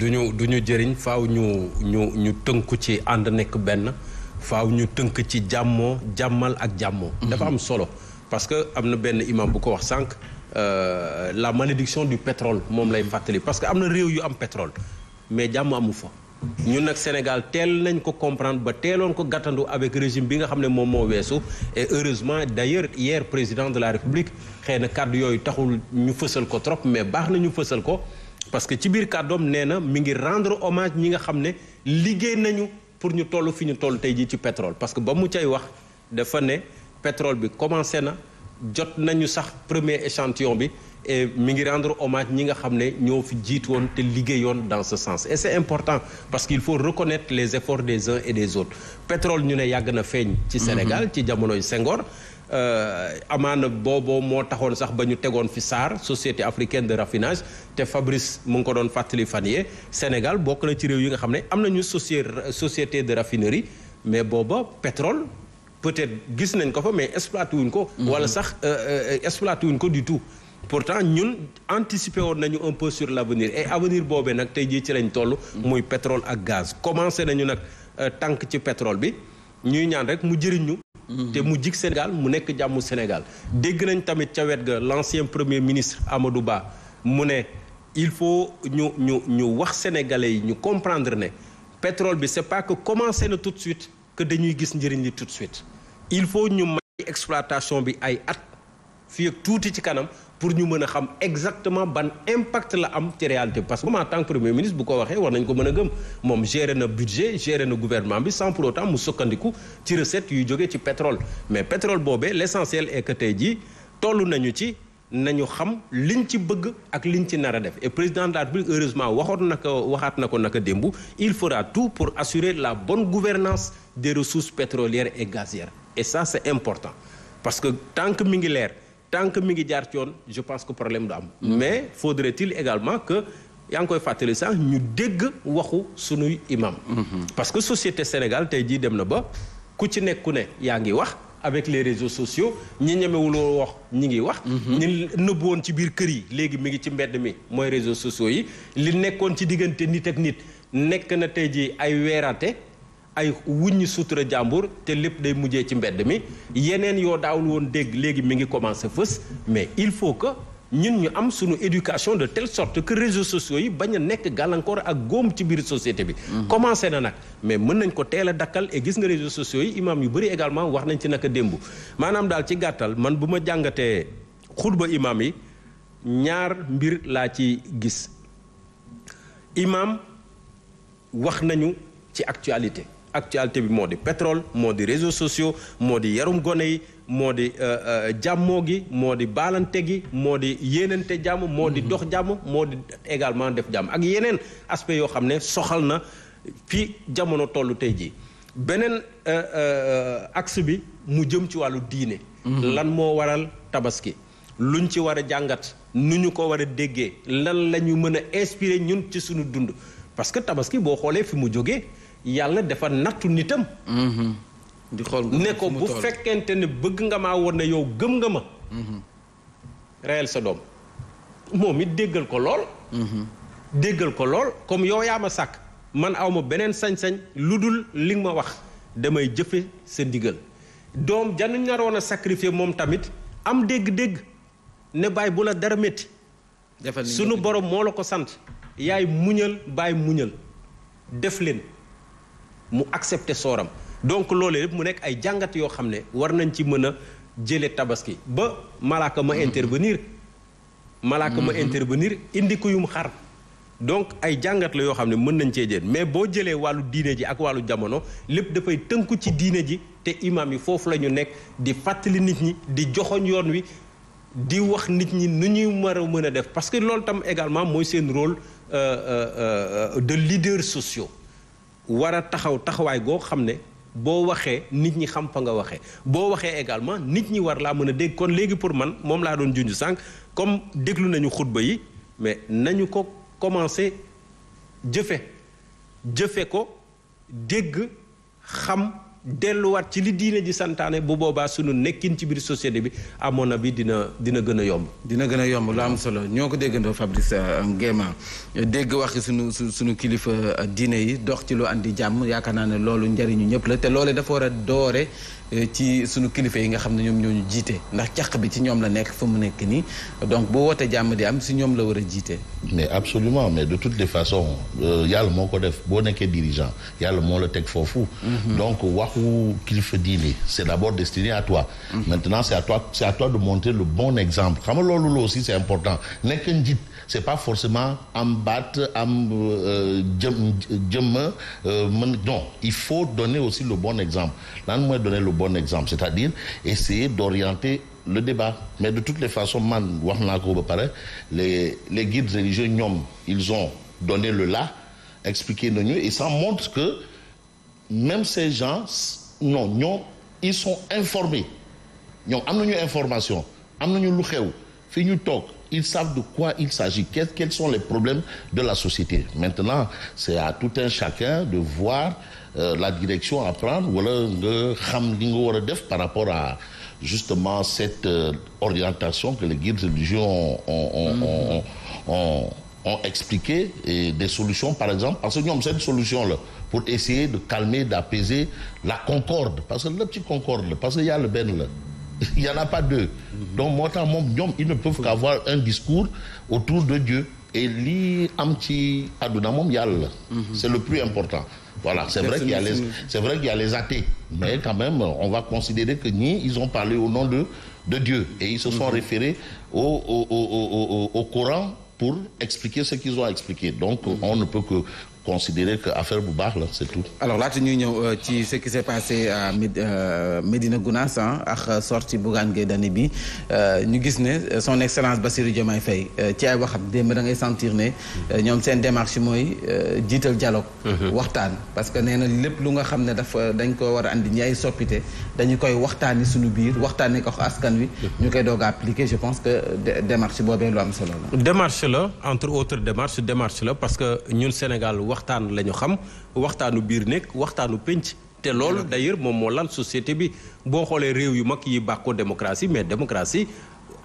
du duñu du ñu jëriñ faaw ñu ñu ñu tënku ci ànd nekk benn faaw ñu tënk ci jàmmoo jàmmal ak jàmmoo mhm. dafa am solo parce que am na benn imam bu ko wax sànq euh, la malédiction du pétrole moom lay mhm. fàttali parce que am na réew yu am pétrole mais jàmm amu fa ñun nag Sénégal teel nañ ko comprendre ba teeloon ko gàttandu avec régime bi nga xam ne moom moo weesu et heureusement d'ailleurs hier président de la République xëy na kàddu yooyu taxul ñu fësal ko trop mais baax na ñu fësal ko parce que ci biir kàddoom nee na mi ngi rendre hommage ñi nga xam ne liggéey nañu pour ñu toll fi ñu toll tey jii ci pétrole parce que ba mu cay wax defa ne pétrole bi commencé na jot nañu sax premier échantillon bi e mu ngi rendre hommage ñi nga xam ne ñoo fi jiit woon te liggéey yoon dans ce sens et c'est important parce qu'il faut reconnaitre les efforts des uns et des autres pétrole ñu ne yàgg na feeñ ci Sénégal mhm. ci jamonoy sengoor Euh, amaana booboo moo taxoon sax ba ñu tegoon fi SAR société africaine de raffinage te Fabrice mu ngi ko doon fàttali fan yee Sénégal bokk na ci réew yi nga xam ne am nañu socie société de raffinerie mais booba pétrole peut-être gis nañ ko fa mais exploité wuñ ko. Mhm. wala sax euh, euh, exploité wuñ ko du tout. pourtant ñun anticiper woon nañu un peu sur l' avenir et avenir boobee nag tey jii ci lañ toll. Mhm. muy pétrole ak gaz. commencé nañu nag tànk ci pétrole bi ñuy ñaan rek mu jëriñ te mu jig Sénégal mu nekk jàmmu Sénégal dégg nañ tamit ca wet ga l'ancien premier ministre Amadou Ba mu ne il faut ñu ñu ñu wax sénégalais yi ñu comprendre ne pétrole bi c'est pas que commencer na tout de suite que dañuy gis njëriñ li tout de suite il faut ñu may exploitation bi ay at fii tuuti ci kanam pour ñu mën a xam exactement ban impact la am ci réalité parce que moom en tant que premier ministre bu ko waxee war nañ ko mën a gëm moom géré na budget géré na gouvernement bi sans pour autant mu sukkandiku ci recette yuy jógee ci pétrole mais pétrole boobee l' essentiel est que tey jii toll nañu ci nañu xam liñ ci bëgg ak liñ ci nar def et président de la heureusement waxoon na ko waxaat na ko naka démb il fera tout pour assurer la bonne gouvernance des ressources pétrolières et gazières et ça c' important parce que tant que mi ngi leer tant que mi ngi jaar ci yoon je pense que problème du am. mais faudrait-il également que yaa ngi koy fàttali sax ñu dégg waxu sunuy imam. parce que société Sénégal tey jii dem na ba ku ci nekku ne yaa ngi wax. avec les réseaux sociaux ñi ñemewuloo wax ñi ngi wax ñi nëbboon ci biir kër yi léegi mi ngi ci mbedd mi mooy réseaux sociaux yi li nekkoon ci diggante nit ak nit nekk na tey ji ay weeraate ay wuññi sutura jàmbur te lépp day mujjee ci mbedd mi yeneen yoo daawul woon dégg léegi mi ngi commencé fës mais il faut que ñun ñu am suñu éducation de telle sorte que réseaux sociaux yi bañ a nekk gàllankoor ak góom ci biir société bi. Mhm. commencé na nag mais mën nañ ko teel a dakkal e gis nga réseau sociaux yi imaam yu bëri également wax nañ ci naka démb maanaam daal ci gàttal man bu ma jàngatee xutba imaam yi ñaar mbir laa ci gis imaam wax nañu ci actualité. actualité bi moo di pétrole moo di réseau sociaux moo di yarum gone yi moo di euh, euh, jàmmoo gi moo di baalante gi moo di yéenante jàmm moo di dox jàmm moo di également def jàmm ak yeneen aspect yoo xam ne soxal na fii jamono tollu tey jii beneen euh, axe bi mu jëm ci wàllu diine mm-hmm. lan moo waral tabaski lu luñ ci war a jàngat nu ñu ko war a déggee lan la ñu mën a inspiré ñun ci suñu dund parce que tabaski boo xoolee fi mu jógee yàlla dafa nattu nitam. Mm-hmm. di xool ne ko bu fekkente ne bëgg nga ma won ne yow gëm nga ma. Mm-hmm. reyal sa doom moom it déggal ko lool. Mm-hmm. déggal ko lool comme yow yaa ma sàkk man aw ma beneen sañ-sañ lu dul li ma wax damay jëfe sa ndigal doom janu naroon a sacrifier moom tamit am dégg-dégg ne baay bu la dara métti. sunu borom moo la ko sant yaay muñal baay muñal def leen. mu accepter sooram donc loolee lépp mu nekk ay jàngat yoo xam ne war nañ ci mën a jële tabaski ba malaaka ma mm-hmm. intervenir malaaka ma mm-hmm. intervenir indi ko yum xar donc ay jàngat la yoo xam ne mën nañ cee jël mais boo jëlee wàllu diine ji ak wàllu jamono lépp dafay tënku ci diine ji te imaam yi foofu la ñu nekk di fàttali nit ñi di joxoñ yoon wi di wax nit ñi nu ñuy war a mën a def parce que loolu tam également mooy seen rôle euh, euh, euh, de leaders sociaux war a taxaw taxawaay goo xam ne boo waxee nit ñi xam fa nga waxee boo waxee également nit ñi war laa mën a dégg kon léegi pour man moom laa doon junj sànq comme déglu nañu xutba yi mais nañu ko commencé jëfe jëfe ko dégg xam delluwaat ci li diine ji santaane bu boobaa sunu nekkin ci biir société bi amoon na avis dina dina gën a yomb. dina gën a yomb lu am solo ñoo ko déggandoo Fabrice euh, Ngéma dégg waxi sunu sunu kilifa euh, diine yi dox ci lu andi jàmm yaakaar naa ne loolu njëriñu ñëpp la te loole dafa war a doore. Euh, ci sunu kilifa yi nga xam ne ñoom ñoo ñu jiite ndax caq bi ci ñoom la nekk fa mu nekk nii donc boo wootee jàmm di am si ñoom la war a jiite. mais absolument mais de toutes les façons euh, yàlla moo ko def boo nekkee dirigeant yàlla moo la teg foofu. Mhm. donc waxu kilifa diine c' est d' abord destiné à toi. Mhm. maintenant c' est à toi c' est à toi de montrer le bon exemple xam nga loolu la aussi c' est important nekk njiit c' est pas forcément am baat am euh, jëm jëmm mën non il faut donner aussi le bon exemple bon exemple c'est-à-dire essayer d'orienter le débat mais de toutes les façons man wax naa ko ba pare les les guides religieux ñoom ils ont donné le là expliqué nañu et ça montre que même ces gens non ñoom ils sont informés ñoom am nañu information am nañu lu Ils savent de quoi il s'agit, quels sont les problèmes de la société. Maintenant, c'est à tout un chacun de voir euh, la direction à prendre wala nga xam li nga war a def par rapport à justement cette euh, orientation que les guides religieux ont ont ont mm-hmm. ont, ont, ont expliqué et des solutions par exemple parce que ñoom cette solution là pour essayer de calmer d'apaiser la concorde parce que lépp ci concorde la parce que yàlla benn la il n'y en a pas deux. donc moo tax moom ñoom ils ne peuvent qu'avoir un discours autour de Dieu. et lii am ci àdduna moom yàlla la. Mhm. c'est le plus important. voilà c'est vrai qu'il y a les c'est vrai qu'il y a les athées. mais quand même on va considérer que ñii ils ont parlé au nom de de Dieu et ils se sont mhm. référés au au au au au Coran pour expliquer ce qu'ils ont expliqué donc mhm. on ne peut que considérer que affaire bu baax la c'est tout. alors laata ñuy ñëw euh, ci ce qui s'est passé à euh, Médina Gounass ak sortie Bougane Gueye Dany bi euh, ñu gis ne son excellence Bassirou Diomaye Faye ci ay waxam démb da ngay sentir ne ñoom seen démarche mooy jiital dialogue. Mhm. waxtaan parce que nee na lépp lu nga xam ne dafa dañ ko war a indi ñi ay soppite dañu koy waxtaani suñu biir waxtaanee ko askan wi. ñu koy doog a appliquer je pense que démarche boobee lu am solo la. démarche la entre autres démarches démarche la parce que ñun Sénégal. waxtaan la ñu xam waxtaanu biir nekk waxtaanu pénc te loolu d'ailleurs moom moo lal société bi boo xoolee réew yu mag yi bàkkoo démocratie mais démocratie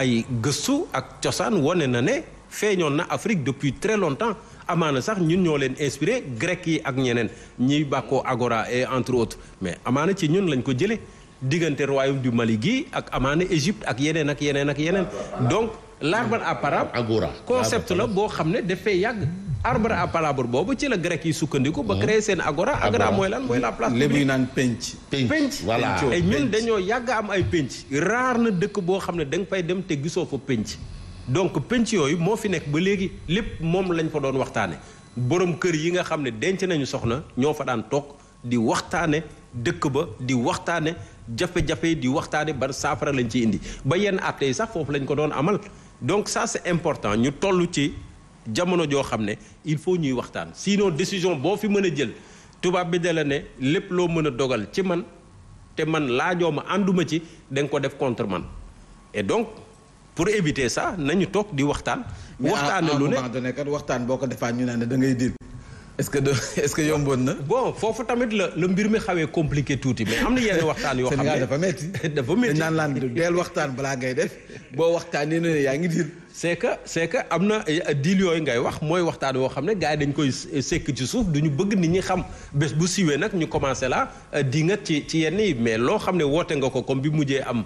ay gëstu ak cosaan wane na ne feeñoon na Afrique depuis très longtemps amaana sax ñun ñoo leen inspiré grec yi ak ñeneen ñiy bàkkoo agora et entre autres mais amaana ci ñun lañ ko jëlee diggante royaume du Mali gi ak amaana Égypte ak yeneen ak yeneen ak yeneen donc l'arbre à Palabre agora concept la boo xam ne dafay yàgg arbre à palabre boobu ci la grec yi sukkandiku. ba créé seen agora. agora mooy lan mooy la place. lébu yi naan penc. penc voilà penc ñun dañoo yàgg am ay penc. na dëkk boo xam ne da fay dem te gisoo penc. donc penc yooyu moo fi nekk ba léegi lépp moom lañ fa doon waxtaane borom kër yi nga xam ne denc nañu soxna ñoo fa daan toog di waxtaane dëkk ba di waxtaane jafe-jafe di waxtaane ba saafara lañ ci indi ba yenn àtte yi sax foofu lañ ko doon amal donc ça c'est important ñu toll ci. jamono joo xam ne il faut ñuy waxtaan sinon décision boo fi mën a jël tubaab bi da ne lépp loo mën a dogal ci man te man laajoo ma ànduma ci da nga ko def contre man et donc pour éviter ça nañu toog di waxtaan. waxtaan lu ne waxtaan boo ko defaa ñu naan da ngay diir. est que de est-ce que yomboon na. bon foofu tamit la la mbir mi xawee compliqué tuuti mais am na yenn waxtaan yoo. xam ne dafa métti naan laan deel waxtaan balaa ngay def boo waxtaanee ne yaa ngi diir. c'est que c'est que am na eh, diil yooyu ngay wax mooy waxtaan woo xam ne gars yi dañ koy eh, sekk ci suuf du ñu bëgg nit ñi xam bés bu siwee nag ñu commencé la eh, di nga ci ci yenn yi mais loo xam ne woote nga ko comme bi mujjee am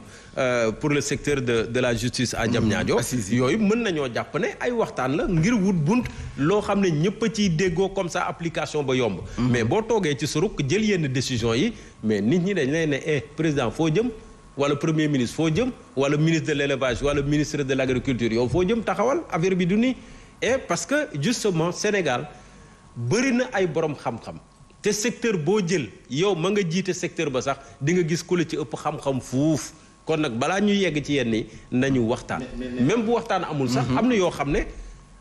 pour le secteur de de la justice à Diamniadio mm-hmm. yooyu mën nañoo jàpp ne ay waxtaan la ngir wut loo xam ne ñëpp ciy déggoo comme ça application ba yomb mm-hmm. mais boo toogee ci suruk jël yenn décision yi mais nit ñi dañ lay ne eh président foo jëm wala premier ministre foo jëm wala ministre de l' élevage wala ministre de l' agriculture yow foo jëm taxawal affaire bi du nii et parce que justement Sénégal bëri na ay borom xam-xam te secteur boo jël yow ma nga jiite secteur ba sax di nga gis ku la ci ëpp xam-xam fuuf kon nag balaa ñuy yegg ci yenn yi nañu waxtaan. même bu waxtaan amul sax. Mhm. am na yoo xam ne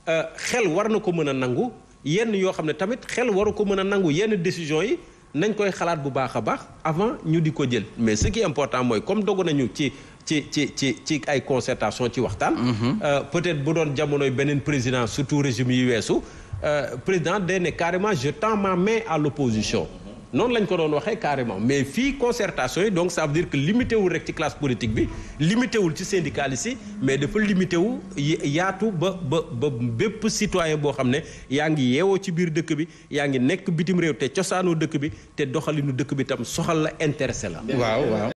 euh, xel war na ko mën a nangu yenn yoo xam ne tamit xel waru ko mën a nangu yenn décision yi. nañ koy xalaat bu baax a baax avant ñu di ko jël mais ce qui important mooy comme dogu nañu ci ci ci ci ci ay concertation ci waxtaan mhm. euh, peut-être bu doon jamonoy beneen président surtout régime yi weesu euh, président day ne carrément je tends ma main à l'opposition noonu lañ ko doon waxee carrément mais fii concertation yi donc ça veut dire que limité rek ci classe politique bi limité wul ci syndicaliste yi mais dafa limité wu yaatu ba ba ba bépp sitoyen boo xam ne yaa ngi yeewoo ci biir dëkk bi yaa ngi nekk bitim réew te cosaanoo dëkk bi te doxalinu dëkk bi tam soxal la intéressé la waaw